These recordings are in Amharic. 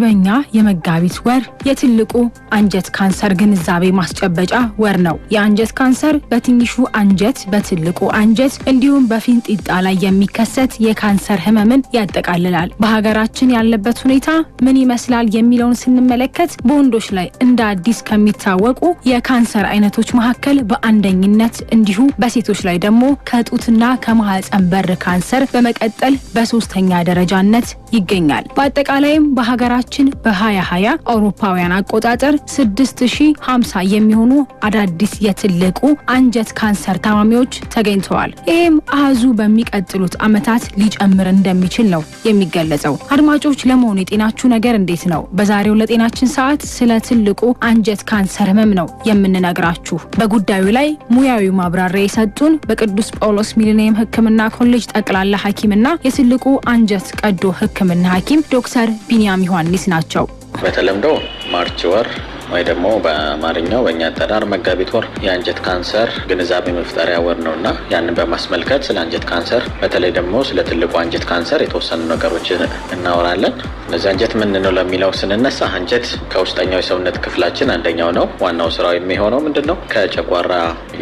በእኛ የመጋቢት ወር የትልቁ አንጀት ካንሰር ግንዛቤ ማስጨበጫ ወር ነው። የአንጀት ካንሰር በትንሹ አንጀት፣ በትልቁ አንጀት እንዲሁም በፊንጢጣ ላይ የሚከሰት የካንሰር ህመምን ያጠቃልላል። በሀገራችን ያለበት ሁኔታ ምን ይመስላል የሚለውን ስንመለከት በወንዶች ላይ እንደ አዲስ ከሚታወቁ የካንሰር አይነቶች መካከል በአንደኝነት እንዲሁ በሴቶች ላይ ደግሞ ከጡትና ከማህፀን በር ካንሰር በመቀጠል በሶስተኛ ደረጃነት ይገኛል። በአጠቃላይም በሀገራችን ሀገራችን በ2020 አውሮፓውያን አቆጣጠር 6050 የሚሆኑ አዳዲስ የትልቁ አንጀት ካንሰር ታማሚዎች ተገኝተዋል። ይህም አህዙ በሚቀጥሉት ዓመታት ሊጨምር እንደሚችል ነው የሚገለጸው። አድማጮች፣ ለመሆኑ የጤናችሁ ነገር እንዴት ነው? በዛሬው ለጤናችን ሰዓት ስለ ትልቁ አንጀት ካንሰር ህመም ነው የምንነግራችሁ። በጉዳዩ ላይ ሙያዊ ማብራሪያ የሰጡን በቅዱስ ጳውሎስ ሚሊኒየም ሕክምና ኮሌጅ ጠቅላላ ሐኪምና የትልቁ አንጀት ቀዶ ሕክምና ሐኪም ዶክተር ቢንያም ዮሐንስ አዲስ ናቸው። በተለምዶ ማርች ወር ወይ ደግሞ በአማርኛው በእኛ አጠራር መጋቢት ወር የአንጀት ካንሰር ግንዛቤ መፍጠሪያ ወር ነው እና ያንን በማስመልከት ስለ አንጀት ካንሰር በተለይ ደግሞ ስለ ትልቁ አንጀት ካንሰር የተወሰኑ ነገሮች እናወራለን። እነዚህ አንጀት ምን ነው ለሚለው ስንነሳ አንጀት ከውስጠኛው የሰውነት ክፍላችን አንደኛው ነው። ዋናው ስራው የሚሆነው ምንድን ነው? ከጨጓራ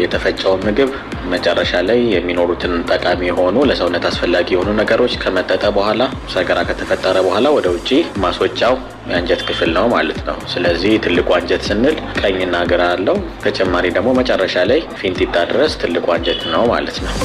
የተፈጨው ምግብ መጨረሻ ላይ የሚኖሩትን ጠቃሚ የሆኑ ለሰውነት አስፈላጊ የሆኑ ነገሮች ከመጠጠ በኋላ ሰገራ ከተፈጠረ በኋላ ወደ ውጭ ማስወጫው የአንጀት ክፍል ነው ማለት ነው። ስለዚህ ትልቁ አንጀት ስንል ቀኝና ግራ አለው። ተጨማሪ ደግሞ መጨረሻ ላይ ፊንጢጣ ድረስ ትልቁ አንጀት ነው ማለት ነው።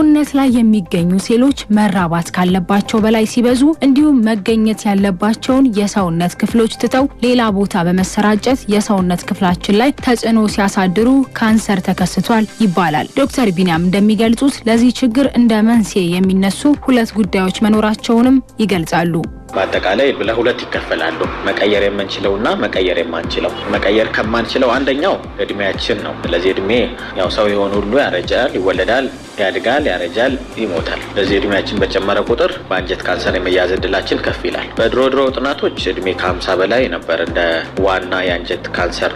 ሰውነት ላይ የሚገኙ ሴሎች መራባት ካለባቸው በላይ ሲበዙ እንዲሁም መገኘት ያለባቸውን የሰውነት ክፍሎች ትተው ሌላ ቦታ በመሰራጨት የሰውነት ክፍላችን ላይ ተጽዕኖ ሲያሳድሩ ካንሰር ተከስቷል ይባላል። ዶክተር ቢንያም እንደሚገልጹት ለዚህ ችግር እንደ መንስኤ የሚነሱ ሁለት ጉዳዮች መኖራቸውንም ይገልጻሉ። በአጠቃላይ ለሁለት ይከፈላሉ፣ መቀየር የምንችለው እና መቀየር የማንችለው። መቀየር ከማንችለው አንደኛው እድሜያችን ነው። ስለዚህ እድሜ ያው ሰው የሆነ ሁሉ ያረጃል፣ ይወለዳል፣ ያድጋል፣ ያረጃል፣ ይሞታል። ስለዚህ እድሜያችን በጨመረ ቁጥር በአንጀት ካንሰር የመያዝ እድላችን ከፍ ይላል። በድሮ ድሮ ጥናቶች እድሜ ከሀምሳ በላይ ነበር እንደ ዋና የአንጀት ካንሰር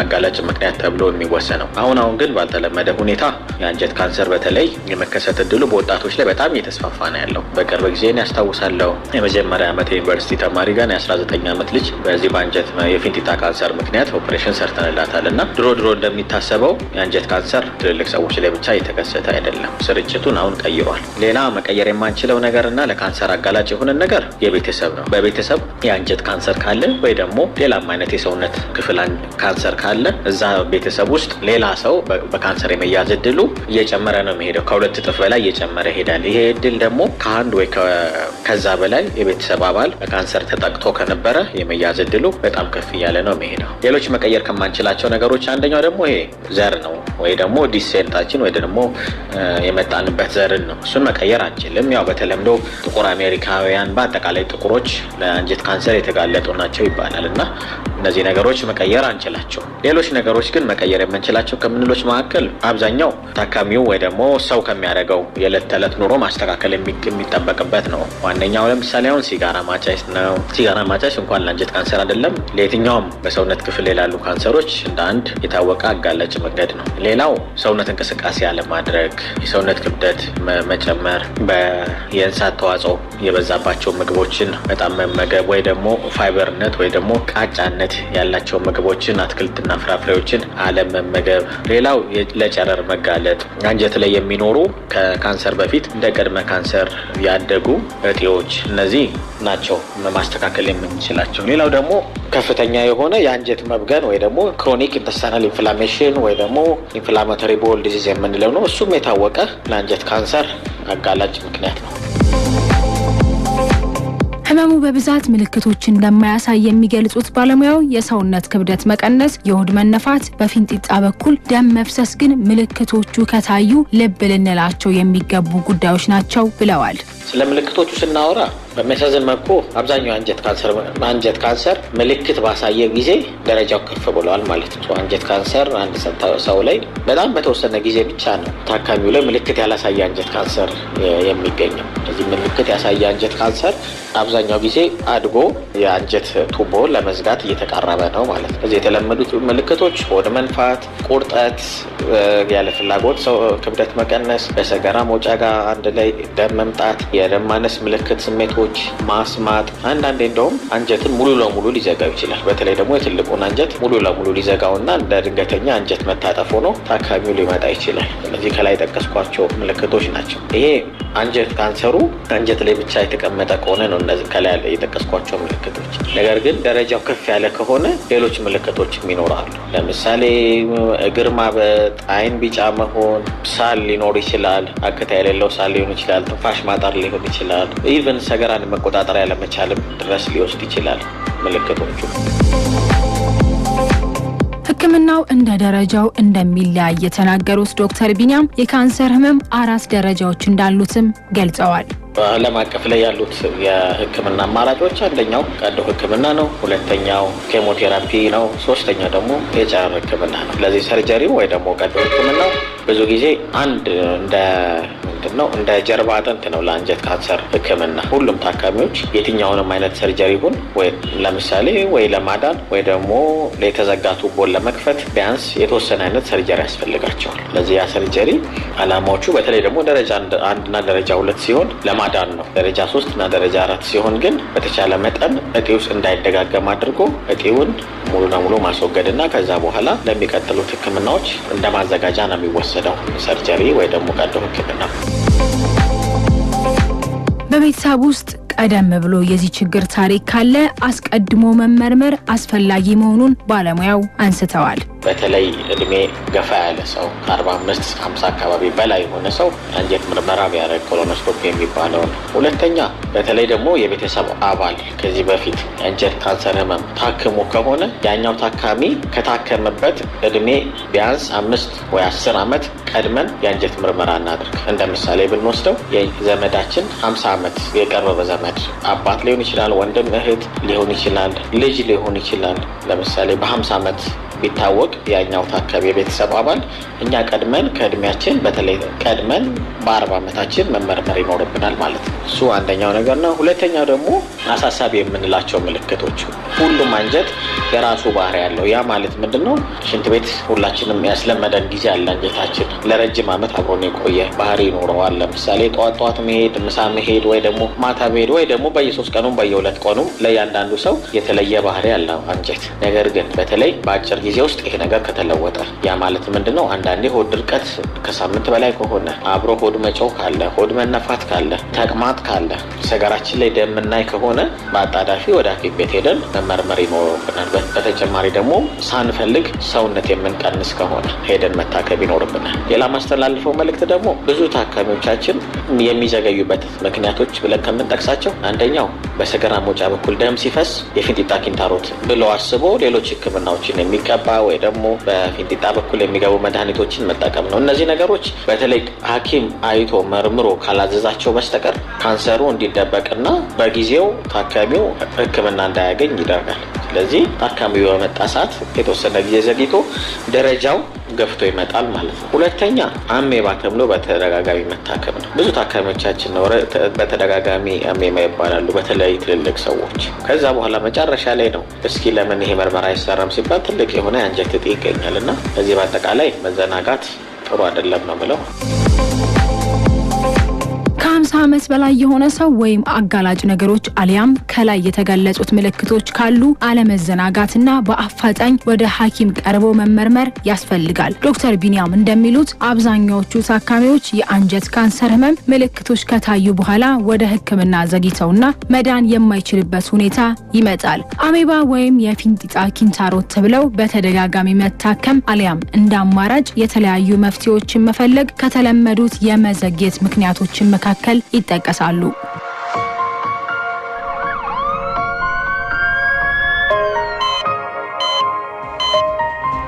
አጋላጭ ምክንያት ተብሎ የሚወሰነው። አሁን አሁን ግን ባልተለመደ ሁኔታ የአንጀት ካንሰር በተለይ የመከሰት እድሉ በወጣቶች ላይ በጣም እየተስፋፋ ነው ያለው። በቅርብ ጊዜን ያስታውሳለሁ የመጀመሪያ የ ዓመት የዩኒቨርሲቲ ተማሪ ጋር የ19 ዓመት ልጅ በዚህ በአንጀት የፊንጢጣ ካንሰር ምክንያት ኦፕሬሽን ሰርተንላታል እና ድሮ ድሮ እንደሚታሰበው የአንጀት ካንሰር ትልልቅ ሰዎች ላይ ብቻ የተከሰተ አይደለም። ስርጭቱን አሁን ቀይሯል። ሌላ መቀየር የማንችለው ነገር እና ለካንሰር አጋላጭ የሆነን ነገር የቤተሰብ ነው። በቤተሰብ የአንጀት ካንሰር ካለ ወይ ደግሞ ሌላም አይነት የሰውነት ክፍል ካንሰር ካለ እዛ ቤተሰብ ውስጥ ሌላ ሰው በካንሰር የመያዝ እድሉ እየጨመረ ነው የሚሄደው። ከሁለት እጥፍ በላይ እየጨመረ ይሄዳል። ይሄ እድል ደግሞ ከአንድ ወይ ከዛ በላይ የቤተሰብ ቤተሰብ አባል በካንሰር ተጠቅቶ ከነበረ የመያዝ እድሉ በጣም ከፍ እያለ ነው የሚሄደው። ሌሎች መቀየር ከማንችላቸው ነገሮች አንደኛው ደግሞ ይሄ ዘር ነው፣ ወይ ደግሞ ዲሴንታችን ወይ ደግሞ የመጣንበት ዘርን ነው። እሱን መቀየር አንችልም። ያው በተለምዶ ጥቁር አሜሪካውያን፣ በአጠቃላይ ጥቁሮች ለአንጀት ካንሰር የተጋለጡ ናቸው ይባላል እና እነዚህ ነገሮች መቀየር አንችላቸው። ሌሎች ነገሮች ግን መቀየር የምንችላቸው ከምንሎች መካከል አብዛኛው ታካሚው ወይ ደግሞ ሰው ከሚያደርገው የዕለት ተዕለት ኑሮ ማስተካከል የሚጠበቅበት ነው። ዋነኛው ለምሳሌ አሁን ሲጋራ ማጨስ ነው። ሲጋራ ማጨስ እንኳን ለአንጀት ካንሰር አይደለም ለየትኛውም በሰውነት ክፍል ላሉ ካንሰሮች እንደ አንድ የታወቀ አጋላጭ መንገድ ነው። ሌላው ሰውነት እንቅስቃሴ አለማድረግ፣ የሰውነት ክብደት መጨመር፣ የእንስሳት ተዋጽኦ የበዛባቸው ምግቦችን በጣም መመገብ ወይ ደግሞ ፋይበርነት ወይ ደግሞ ቃጫነት ይዘት ያላቸው ምግቦችን አትክልትና ፍራፍሬዎችን አለመመገብ። ሌላው ለጨረር መጋለጥ፣ አንጀት ላይ የሚኖሩ ከካንሰር በፊት እንደ ቅድመ ካንሰር ያደጉ እጢዎች፣ እነዚህ ናቸው ማስተካከል የምንችላቸው። ሌላው ደግሞ ከፍተኛ የሆነ የአንጀት መብገን ወይ ደግሞ ክሮኒክ ኢንተስታናል ኢንፍላሜሽን ወይ ደግሞ ኢንፍላማተሪ ቦል ዲዚዝ የምንለው ነው። እሱም የታወቀ ለአንጀት ካንሰር አጋላጭ ምክንያት ነው። ህመሙ በብዛት ምልክቶች እንደማያሳይ የሚገልጹት ባለሙያው የሰውነት ክብደት መቀነስ፣ የሆድ መነፋት፣ በፊንጢጣ በኩል ደም መፍሰስ ግን ምልክቶቹ ከታዩ ልብ ልንላቸው የሚገቡ ጉዳዮች ናቸው ብለዋል። ስለ ምልክቶቹ ስናወራ በሚያሳዝን መልኩ አብዛኛው አንጀት ካንሰር ምልክት ባሳየ ጊዜ ደረጃው ከፍ ብሏል ማለት ነው። አንጀት ካንሰር አንድ ሰው ላይ በጣም በተወሰነ ጊዜ ብቻ ነው ታካሚው ላይ ምልክት ያላሳየ አንጀት ካንሰር የሚገኘው። እዚህ ምልክት ያሳየ አንጀት ካንሰር አብዛኛው ጊዜ አድጎ የአንጀት ቱቦ ለመዝጋት እየተቃረበ ነው ማለት ነው። እዚህ የተለመዱት ምልክቶች ሆድ መንፋት፣ ቁርጠት፣ ያለ ፍላጎት ሰው ክብደት መቀነስ፣ በሰገራ መውጫ ጋር አንድ ላይ ደም መምጣት፣ የደም ማነስ ምልክት ስሜቶች፣ ማስማጥ፣ አንዳንዴ እንደውም አንጀትን ሙሉ ለሙሉ ሊዘጋው ይችላል። በተለይ ደግሞ የትልቁን አንጀት ሙሉ ለሙሉ ሊዘጋው እና እንደ ድንገተኛ አንጀት መታጠፍ ሆኖ ታካሚው ሊመጣ ይችላል። እነዚህ ከላይ ጠቀስኳቸው ምልክቶች ናቸው። ይሄ አንጀት ካንሰሩ አንጀት ላይ ብቻ የተቀመጠ ከሆነ ነው እነዚህ ከላይ የጠቀስኳቸው ምልክቶች። ነገር ግን ደረጃው ከፍ ያለ ከሆነ ሌሎች ምልክቶችም ይኖራሉ። ለምሳሌ እግር ማበጥ መቁረጥ፣ አይን ቢጫ መሆን፣ ሳል ሊኖር ይችላል። አክታ የሌለው ሳል ሊሆን ይችላል። ትንፋሽ ማጠር ሊሆን ይችላል። ኢቨን ሰገራን መቆጣጠር ያለመቻልም ድረስ ሊወስድ ይችላል ምልክቶቹ። ሕክምናው እንደ ደረጃው እንደሚለያይ የተናገሩት ዶክተር ቢኒያም የካንሰር ህመም አራት ደረጃዎች እንዳሉትም ገልጸዋል። በዓለም አቀፍ ላይ ያሉት የህክምና አማራጮች አንደኛው ቀዶ ህክምና ነው። ሁለተኛው ኬሞቴራፒ ነው። ሶስተኛው ደግሞ ኤችአር ህክምና ነው። ስለዚህ ሰርጀሪ ወይ ደግሞ ቀዶ ህክምናው ብዙ ጊዜ አንድ እንደ ምንድን ነው እንደ ጀርባ አጥንት ነው ለአንጀት ካንሰር ህክምና ሁሉም ታካሚዎች የትኛውንም አይነት ሰርጀሪ ሁን ወይ ለምሳሌ ወይ ለማዳን ወይ ደግሞ የተዘጋ ቱቦን ለመክፈት ቢያንስ የተወሰነ አይነት ሰርጀሪ ያስፈልጋቸዋል። ለዚህ ያ ሰርጀሪ አላማዎቹ በተለይ ደግሞ ደረጃ አንድና ደረጃ ሁለት ሲሆን ለማዳን ነው። ደረጃ ሶስት እና ደረጃ አራት ሲሆን ግን በተቻለ መጠን እጢ ውስጥ እንዳይደጋገም አድርጎ እጢውን ሙሉ ለሙሉ ማስወገድና ከዛ በኋላ ለሚቀጥሉት ህክምናዎች እንደ ማዘጋጃ ነው የሚወሰደው ሰርጀሪ ወይ ደግሞ ቀዶ ነው። በቤተሰብ ውስጥ ቀደም ብሎ የዚህ ችግር ታሪክ ካለ አስቀድሞ መመርመር አስፈላጊ መሆኑን ባለሙያው አንስተዋል። በተለይ እድሜ ገፋ ያለ ሰው ከ45 እስከ አካባቢ በላይ የሆነ ሰው አንጀት ምርመራ ቢያደርግ ኮሎኖስኮፒ የሚባለው ነው። ሁለተኛ በተለይ ደግሞ የቤተሰብ አባል ከዚህ በፊት አንጀት ካንሰር ህመም ታክሞ ከሆነ ያኛው ታካሚ ከታከመበት እድሜ ቢያንስ አምስት ወይ አስር ዓመት ቀድመን የአንጀት ምርመራ እናድርግ። እንደ ምሳሌ ብንወስደው ዘመዳችን 5 ዓመት የቀረበ ዘመድ አባት ሊሆን ይችላል፣ ወንድም እህት ሊሆን ይችላል፣ ልጅ ሊሆን ይችላል። ለምሳሌ በ50 ዓመት ቢታወቅ ያኛው ታካቢ የቤተሰብ አባል እኛ ቀድመን ከእድሜያችን በተለይ ቀድመን በአርባ ዓመታችን መመርመር ይኖርብናል ማለት ነው። እሱ አንደኛው ነገር ነው። ሁለተኛው ደግሞ አሳሳቢ የምንላቸው ምልክቶች። ሁሉም አንጀት የራሱ ባህሪ ያለው ያ ማለት ምንድን ነው? ሽንት ቤት ሁላችንም ያስለመደን ጊዜ አለ። አንጀታችን ለረጅም ዓመት አብሮን የቆየ ባህሪ ይኖረዋል። ለምሳሌ ጠዋት ጠዋት መሄድ፣ ምሳ መሄድ፣ ወይ ደግሞ ማታ መሄድ፣ ወይ ደግሞ በየሶስት ቀኑም በየሁለት ቀኑም ለእያንዳንዱ ሰው የተለየ ባህሪ ያለው አንጀት። ነገር ግን በተለይ በአጭር ጊዜ ውስጥ ይሄ ነገር ከተለወጠ ያ ማለት ምንድን ነው? አንዳንዴ ሆድ ድርቀት ከሳምንት በላይ ከሆነ አብሮ ሆድ መጮህ ካለ፣ ሆድ መነፋት ካለ፣ ተቅማጥ ካለ፣ ሰገራችን ላይ ደምናይ ከሆነ ከሆነ በአጣዳፊ ወደ ሐኪም ቤት ሄደን መመርመር ይኖርብናል። በተጨማሪ ደግሞ ሳንፈልግ ሰውነት የምንቀንስ ከሆነ ሄደን መታከም ይኖርብናል። ሌላ ማስተላልፈው መልእክት ደግሞ ብዙ ታካሚዎቻችን የሚዘገዩበት ምክንያቶች ብለን ከምንጠቅሳቸው አንደኛው በሰገራ መውጫ በኩል ደም ሲፈስ የፊንጢጣ ኪንታሮት ብሎ አስቦ ሌሎች ሕክምናዎችን የሚቀባ ወይ ደግሞ በፊንጢጣ በኩል የሚገቡ መድኃኒቶችን መጠቀም ነው። እነዚህ ነገሮች በተለይ ሐኪም አይቶ መርምሮ ካላዘዛቸው በስተቀር ካንሰሩ እንዲደበቅና በጊዜው ታካሚው ህክምና እንዳያገኝ ይደርጋል። ስለዚህ ታካሚው በመጣ ሰዓት የተወሰነ ጊዜ ዘግይቶ ደረጃው ገፍቶ ይመጣል ማለት ነው። ሁለተኛ አሜባ ተብሎ በተደጋጋሚ መታከም ነው። ብዙ ታካሚዎቻችን ነው በተደጋጋሚ አሜባ ይባላሉ፣ በተለይ ትልልቅ ሰዎች። ከዛ በኋላ መጨረሻ ላይ ነው እስኪ ለምን ይሄ ምርመራ አይሰራም ሲባል ትልቅ የሆነ የአንጀት እጢ ይገኛል እና እዚህ በአጠቃላይ መዘናጋት ጥሩ አይደለም ነው ብለው ከ ዓመት በላይ የሆነ ሰው ወይም አጋላጭ ነገሮች አሊያም ከላይ የተገለጹት ምልክቶች ካሉ አለመዘናጋትና በአፋጣኝ ወደ ሐኪም ቀርቦ መመርመር ያስፈልጋል። ዶክተር ቢኒያም እንደሚሉት አብዛኛዎቹ ታካሚዎች የአንጀት ካንሰር ህመም ምልክቶች ከታዩ በኋላ ወደ ሕክምና ዘግይተውና መዳን የማይችልበት ሁኔታ ይመጣል። አሜባ ወይም የፊንጢጣ ኪንታሮት ተብለው በተደጋጋሚ መታከም አሊያም እንደ አማራጭ የተለያዩ መፍትሄዎችን መፈለግ ከተለመዱት የመዘግየት ምክንያቶችን መካከል ይጠቀሳሉ።